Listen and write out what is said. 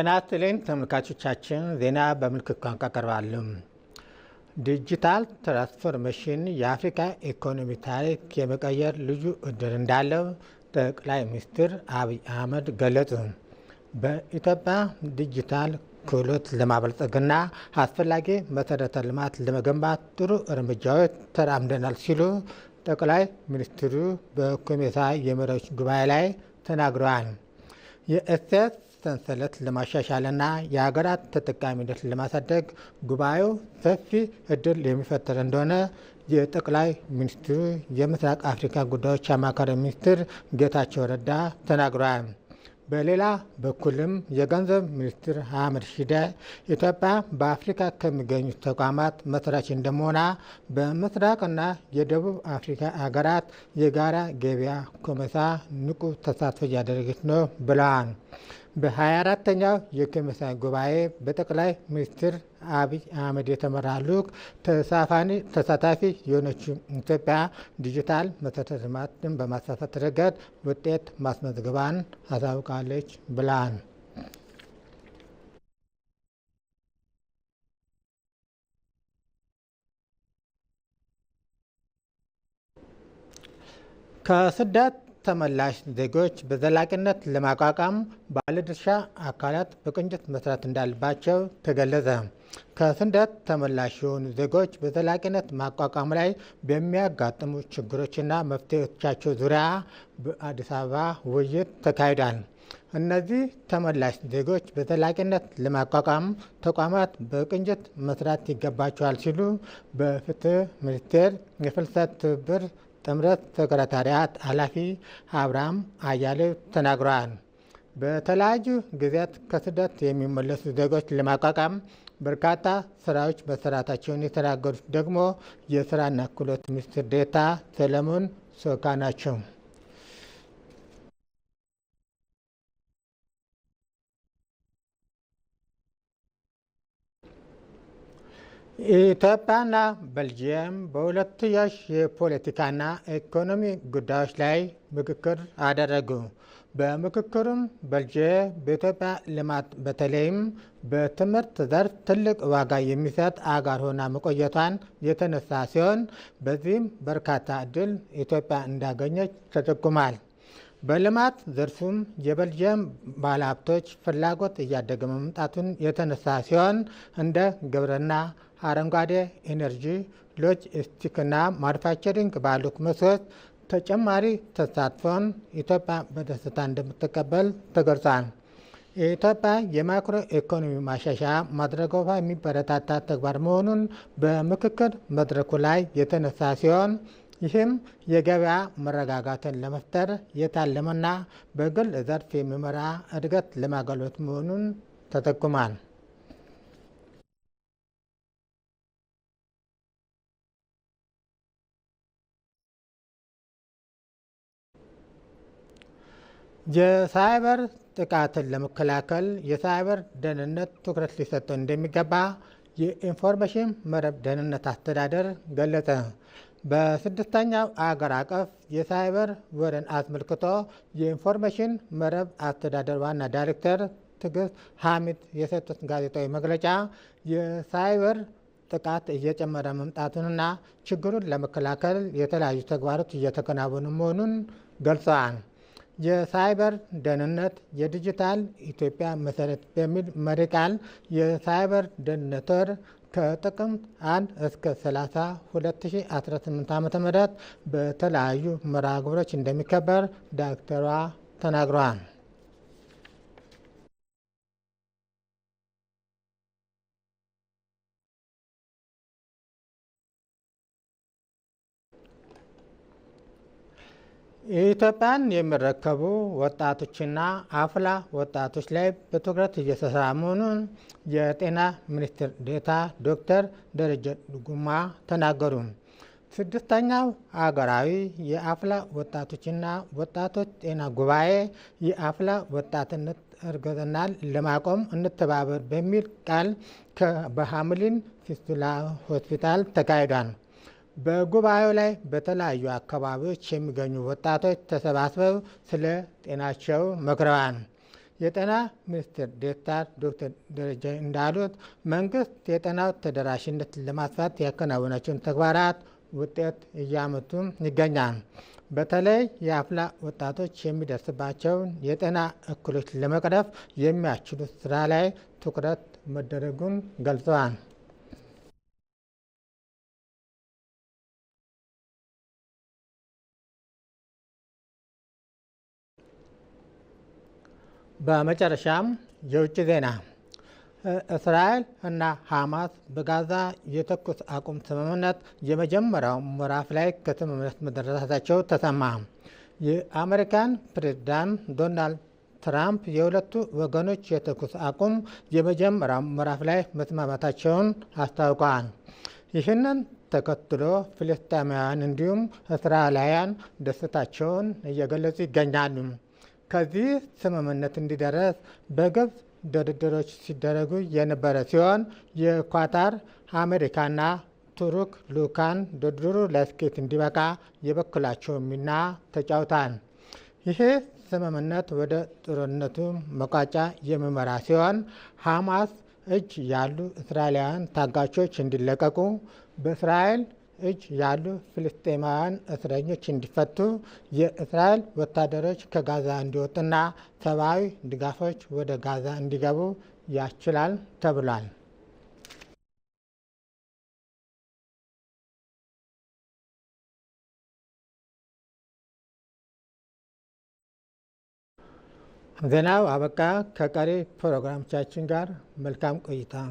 ጤና ይስጥልኝ ተመልካቾቻችን፣ ዜና በምልክት ቋንቋ ቀርባሉ። ዲጂታል ትራንስፎርሜሽን የአፍሪካ ኢኮኖሚ ታሪክ የመቀየር ልዩ እድል እንዳለው ጠቅላይ ሚኒስትር አብይ አህመድ ገለጹ። በኢትዮጵያ ዲጂታል ክህሎት ለማበልጸግና አስፈላጊ መሰረተ ልማት ለመገንባት ጥሩ እርምጃዎች ተራምደናል ሲሉ ጠቅላይ ሚኒስትሩ በኮሜሳ የመሪዎች ጉባኤ ላይ ተናግረዋል። የእሴት ሰንሰለት ለማሻሻልና የሀገራት ተጠቃሚነት ለማሳደግ ጉባኤው ሰፊ እድል የሚፈጥር እንደሆነ የጠቅላይ ሚኒስትሩ የምስራቅ አፍሪካ ጉዳዮች አማካሪ ሚኒስትር ጌታቸው ረዳ ተናግረዋል። በሌላ በኩልም የገንዘብ ሚኒስትር አህመድ ሺደ ኢትዮጵያ በአፍሪካ ከሚገኙት ተቋማት መስራች እንደመሆና በምስራቅና የደቡብ አፍሪካ አገራት የጋራ ገበያ ኮመሳ ንቁ ተሳትፎ እያደረገች ነው ብለዋል። በ24ተኛው የኮሚሽን ጉባኤ በጠቅላይ ሚኒስትር አብይ አህመድ የተመራ ልዑክ ተሳታፊ የሆነችው ኢትዮጵያ ዲጂታል መሰረተ ልማትን በማስፋፋት ረገድ ውጤት ማስመዝግባን አሳውቃለች ብላን ከስደት ተመላሽ ዜጎች በዘላቂነት ለማቋቋም ባለድርሻ አካላት በቅንጅት መስራት እንዳለባቸው ተገለጸ። ከስደት ተመላሽ የሆኑ ዜጎች በዘላቂነት ማቋቋም ላይ በሚያጋጥሙ ችግሮችና መፍትሄዎቻቸው ዙሪያ በአዲስ አበባ ውይይት ተካሂዷል። እነዚህ ተመላሽ ዜጎች በዘላቂነት ለማቋቋም ተቋማት በቅንጅት መስራት ይገባቸዋል ሲሉ በፍትህ ሚኒስቴር የፍልሰት ትብብር ጥምረት ሰክረታሪያት ኃላፊ አብርሃም አያሌው ተናግረዋል። በተለያዩ ጊዜያት ከስደት የሚመለሱ ዜጎች ለማቋቋም በርካታ ስራዎች መሰራታቸውን የተናገሩት ደግሞ የስራና ክህሎት ሚኒስትር ዴኤታ ሰለሞን ሶካ ናቸው። ኢትዮጵያና በልጅየም በሁለትዮሽ የፖለቲካና ኢኮኖሚ ጉዳዮች ላይ ምክክር አደረጉ። በምክክሩም ቤልጅየም በኢትዮጵያ ልማት በተለይም በትምህርት ዘርፍ ትልቅ ዋጋ የሚሰጥ አጋር ሆና መቆየቷን የተነሳ ሲሆን በዚህም በርካታ እድል ኢትዮጵያ እንዳገኘች ተጠቁሟል። በልማት ዘርፉም የበልጅየም ባለሀብቶች ፍላጎት እያደገ መምጣቱን የተነሳ ሲሆን እንደ ግብርና፣ አረንጓዴ ኢነርጂ፣ ሎጂስቲክና ማኑፋክቸሪንግ ባሉት መስኮች ተጨማሪ ተሳትፎን ኢትዮጵያ በደስታ እንደምትቀበል ተገልጿል። የኢትዮጵያ የማክሮ ኢኮኖሚ ማሻሻያ ማድረጓ የሚበረታታ ተግባር መሆኑን በምክክር መድረኩ ላይ የተነሳ ሲሆን ይህም የገበያ መረጋጋትን ለመፍጠር የታለመና በግል ዘርፍ የሚመራ እድገት ለማጋሎት መሆኑን ተጠቁሟል። የሳይበር ጥቃትን ለመከላከል የሳይበር ደህንነት ትኩረት ሊሰጠው እንደሚገባ የኢንፎርሜሽን መረብ ደህንነት አስተዳደር ገለጸ። በስድስተኛው አገር አቀፍ የሳይበር ወረን አስመልክቶ የኢንፎርሜሽን መረብ አስተዳደር ዋና ዳይሬክተር ትዕግስት ሐሚድ የሰጡት ጋዜጣዊ መግለጫ የሳይበር ጥቃት እየጨመረ መምጣቱንና ችግሩን ለመከላከል የተለያዩ ተግባሮች እየተከናወኑ መሆኑን ገልጸዋል። የሳይበር ደህንነት የዲጂታል ኢትዮጵያ መሰረት በሚል መሪ ቃል የሳይበር ደህንነት ወር ከጥቅምት 1 እስከ 30 2018 ዓ ም በተለያዩ መርሃ ግብሮች እንደሚከበር ዳክተሯ ተናግረዋል። ኢትዮጵያን የሚረከቡ ወጣቶችና አፍላ ወጣቶች ላይ በትኩረት እየተሰራ መሆኑን የጤና ሚኒስትር ዴታ ዶክተር ደረጀ ዱጉማ ተናገሩ። ስድስተኛው አገራዊ የአፍላ ወጣቶችና ወጣቶች ጤና ጉባኤ የአፍላ ወጣትነት እርግዝናን ለማቆም እንተባበር በሚል ቃል በሀምሊን ፊስቱላ ሆስፒታል ተካሂዷል። በጉባኤው ላይ በተለያዩ አካባቢዎች የሚገኙ ወጣቶች ተሰባስበው ስለ ጤናቸው መክረዋል። የጤና ሚኒስትር ዴክታር ዶክተር ደረጀ እንዳሉት መንግስት የጤናው ተደራሽነት ለማስፋት ያከናወናቸውን ተግባራት ውጤት እያመጡ ይገኛል። በተለይ የአፍላ ወጣቶች የሚደርስባቸውን የጤና እክሎች ለመቅረፍ የሚያስችሉ ስራ ላይ ትኩረት መደረጉን ገልጸዋል። በመጨረሻም የውጭ ዜና እስራኤል እና ሐማስ በጋዛ የተኩስ አቁም ስምምነት የመጀመሪያው ምዕራፍ ላይ ከስምምነት መደረሳቸው ተሰማ። የአሜሪካን ፕሬዝዳንት ዶናልድ ትራምፕ የሁለቱ ወገኖች የተኩስ አቁም የመጀመሪያው ምዕራፍ ላይ መስማማታቸውን አስታውቀዋል። ይህንን ተከትሎ ፍልስጤማውያን እንዲሁም እስራኤላውያን ደስታቸውን እየገለጹ ይገኛሉ። ከዚህ ስምምነት እንዲደረስ በግብጽ ድርድሮች ሲደረጉ የነበረ ሲሆን የኳታር አሜሪካና ቱርክ ልኡካን ድርድሩ ለስኬት እንዲበቃ የበኩላቸው ሚና ተጫውታል። ይሄ ስምምነት ወደ ጦርነቱ መቋጫ የሚመራ ሲሆን ሐማስ እጅ ያሉ እስራኤላውያን ታጋቾች እንዲለቀቁ በእስራኤል እጅ ያሉ ፍልስጤማውያን እስረኞች እንዲፈቱ የእስራኤል ወታደሮች ከጋዛ እንዲወጡና ሰብአዊ ድጋፎች ወደ ጋዛ እንዲገቡ ያስችላል ተብሏል። ዜናው አበቃ። ከቀሪ ፕሮግራሞቻችን ጋር መልካም ቆይታ